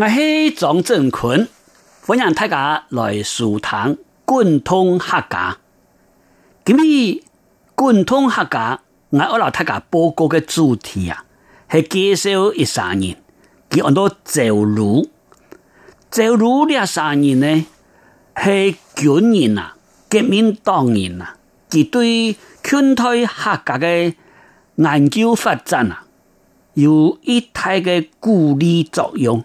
我是張振坤，歡迎大家來座談貫通客家。今日貫通客家，我要為大家報告嘅主題啊，係介紹一下呢幾多走路，走路呢三年呢，係幾年啊？革命黨人啊，佢、啊啊、對圈台客家嘅研究發展啊，有一定嘅鼓勵作用。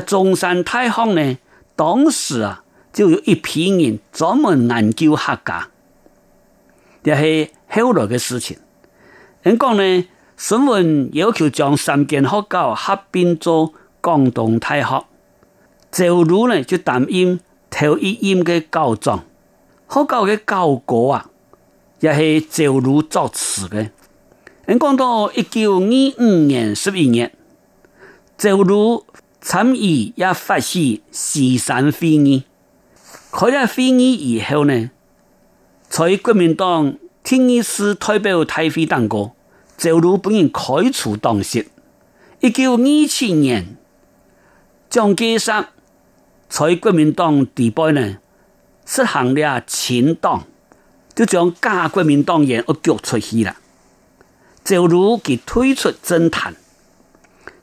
中山大學呢，當時啊，就有一批人專門研究客家，也是後來嘅事情。咁講呢，孫文要求將三間學校合併做廣東大學，鄒魯呢就擔任頭一任嘅校長，學校嘅校歌啊，也是鄒魯作詞嘅。咁講到一九二五年十一月，鄒魯。參與也發起西山會議，開了會議以後呢，在國民黨第二次代表大會當過，鄒魯本人開除黨籍。一九二七年蔣介石在國民黨內部呢，實行了清黨，就將加國民黨員而逐出了如去啦，鄒魯佢退出政壇。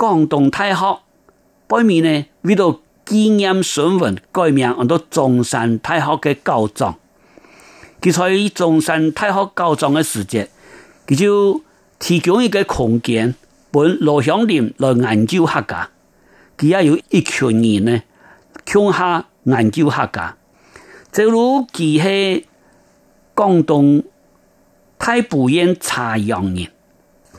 廣東大學背面呢，為咗紀念孫文，改名做中山大學嘅校長。佢在中山大學校長嘅時節，佢就提供一個空間俾羅香林嚟研究客家，佢啊有一群人呢，向下研究客家，就如佢喺廣東大埔縣插秧人。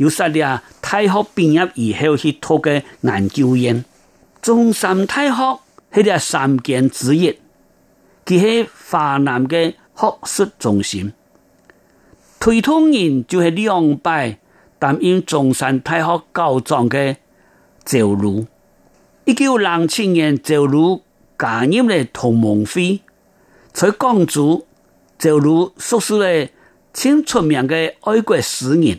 有實太大學畢業以後去讀的研究院。中山大學是三間之一，佢係華南嘅學術中心。推動人就係兩擺擔任中山大學校長嘅鄒魯，一九零七年鄒魯加入了同盟會，在廣州就如塑造了挺出名嘅愛國詩人。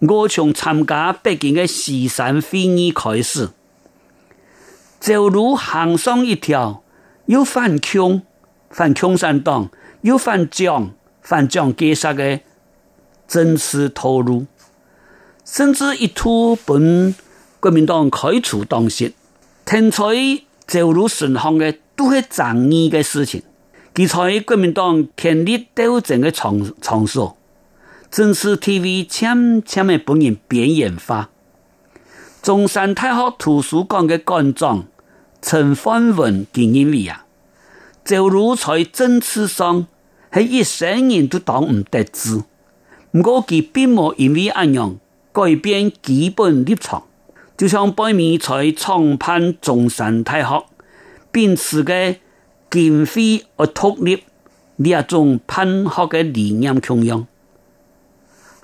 我從參加北京的西山會議開始，就如行上一條，又反共，反共產黨，又反蔣，反蔣介石的真實投入，甚至一度被國民黨開除黨籍，天才就如順行的都是正義的事情，係參與國民黨權力鬥爭的場場所。《正史 TV》請請的本人邊緣化。中山大學圖書館嘅館長程煥文認為啊，鄒魯在政治上係一生人都當唔得志，唔過佢並冇因為噉樣改變基本立場，就像擺明在創辦中山大學，秉持嘅敢飛而獨立、那種辦學嘅理念同樣。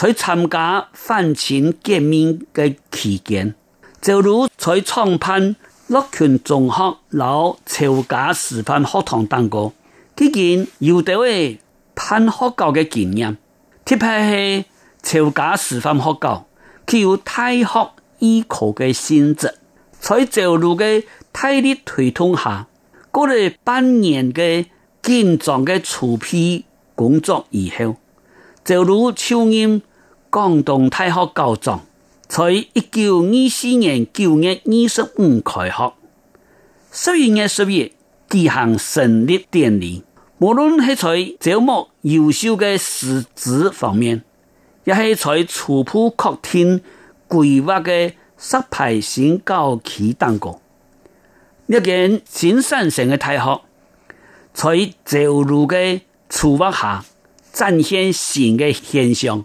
在參加反清革命嘅期間，鄒魯在創辦《樂群中學》、《老潮嘉師範學堂等個期間有到位辦學校嘅經驗。特別係潮嘉師範學校，具有大學預科嘅性質。所以就如在鄒魯嘅大力推動下，過了半年嘅緊張嘅籌備工作以後，鄒魯超人。廣東大學舊莊在一九二四年九月二十五開學，十一月十一舉行成立典禮。無論係在周末，優秀嘅師資方面，亦係在初步確定規劃嘅失敗性教期當中，一間新生成嘅大學，在舊路嘅觸摸下，展現新嘅現象。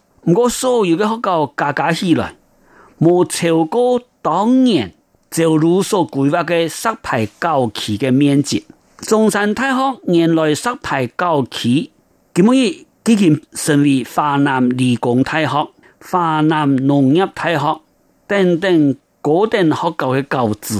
唔過所有的學校加加起來，冇超過當年就如所規劃的“石牌校區”的面積。中山大學原來石牌校區，今日已經成為華南理工大學、華南農業大學等等各等學校的校址。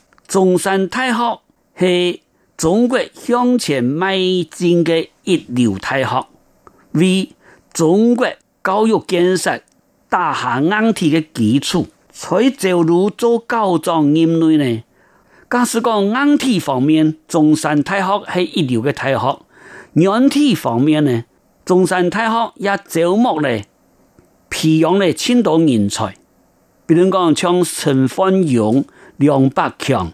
中山大學係中國向前邁進嘅一流大學，為中國教育建設打下硬體嘅基礎。鄒魯做校長認為呢，假使講硬體方面，中山大學係一流嘅大學；軟體方面呢，中山大學也造莫呢培養了青島人才，比如講像陳煥勇、梁伯強、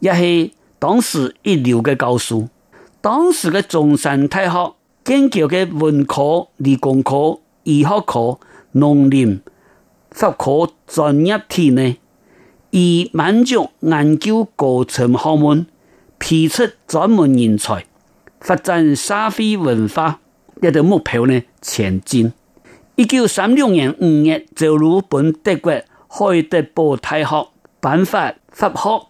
也係當時一流嘅教書當時嘅中山大學建校嘅文科、理工科、醫學科、農林法科專業體呢，以滿足研究高層學問、培出專門人才、發展社會文化呢、這個目標呢前進。一九三六年五月就如，就讀本德國海德堡大學頒發法,法學。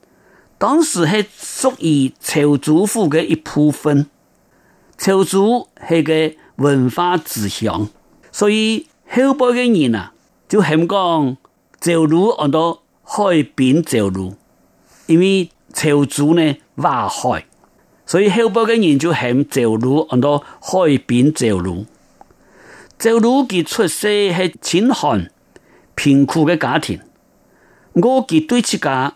當時係屬於潮州府嘅一部分，潮州係個文化之鄉，所以後輩嘅人啊就係咁講鄒魯，安到海濱鄒魯，因為潮州呢挖海，所以後輩嘅人就係咁鄒魯，安到海濱鄒魯。鄒魯就出世喺清寒貧苦嘅家庭，我嘅對自家。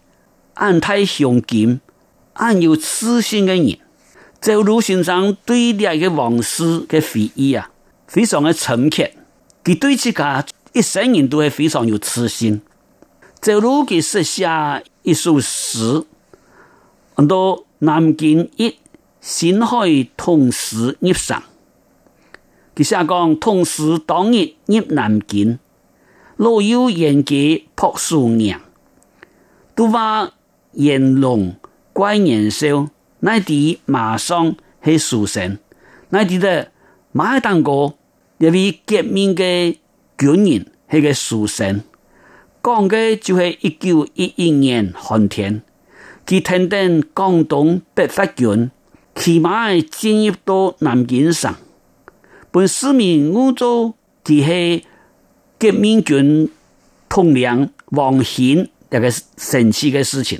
安太雄心，安有痴心的人？鄒魯先生對黎個往事嘅回憶啊，非常的誠懇。佢對自己一生人都係非常有痴心。鄒魯佢寫下一首詩：到南京一深海同志日上，佢寫講同志當日日南京，路有沿街柏樹娘，都話。炎龍怪年獸，那啲馬上係死神，那啲嘅馬當國，係位革命嘅軍人，係個死神。講嘅就係一九一一年寒天，佢聽到廣東北伐軍騎馬進入到南京城，本市民污糟，就係革命軍統領黃興一個神奇嘅事情。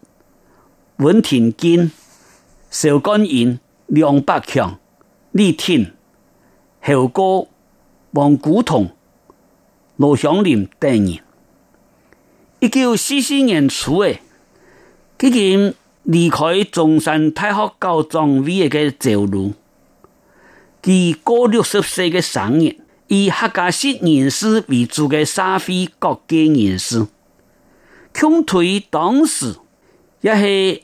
文庭金、邵甘賢、梁百強、呢挺、孝哥、王古彤、羅祥林等人，一九四四年初嘅，佢已離開中山大學校長位嘅鄒魯，佢過六十歲嘅生日，以客家式人士為主嘅社會各界人士，慶賀當時，也是。